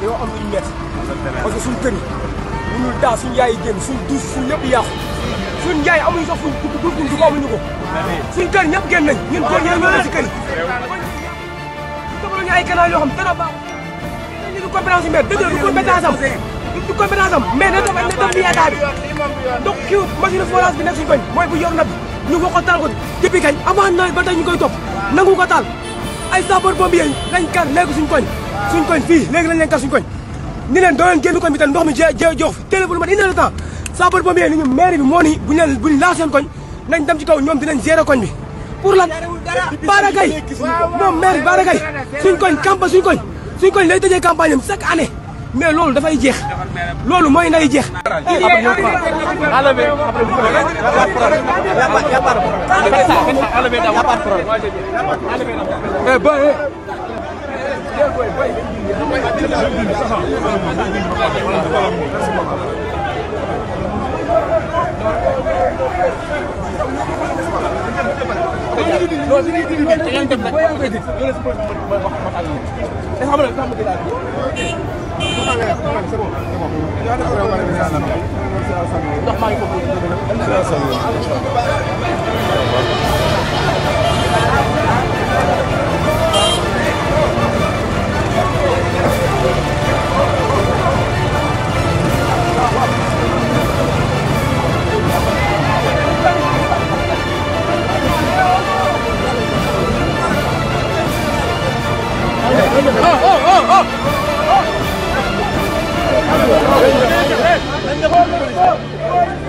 dañoo am lu ñu métti que suñ kër yi mënul daa suñ yaay yi génn suñ duus suñ yëpp yàqu suñ yaay amuñu sax fuñ pour buñ dugg amuñu ko suñ kër ñëpp génn nañ ñun góor ñëpp ñoo ci kër yi dama yoo xam dara baax ñu du compétence yi mais dëgg du compétence am du compétence am mais na dafa ne def li yaakaar bi donc kii nekk suñ mooy bu yor na bi ñu ko taal ko depuis kañ avant nawet ba tey ñu koy topp nangu ko taal ay sapeur pompier lañ kar léegi suñ koñ suñ koñ fii léegi lañ kar suñ koñ ni leen doo leen koñ bi tam ndox mi jee jox télé bu lu mat une heure de temps sapeur ni ñu maire bi moo ni buñ leen buñ koñ nañ dem kaw ñoom dinañ gérer koñ bi pour lan baaragay moom maire bi baaragay suñ koñ campa suñ koñ suñ koñ lay tëjee campagne am chaque année mais loolu dafay jeex loolu mooy nay jeex. non eh, ndox maa ngi ko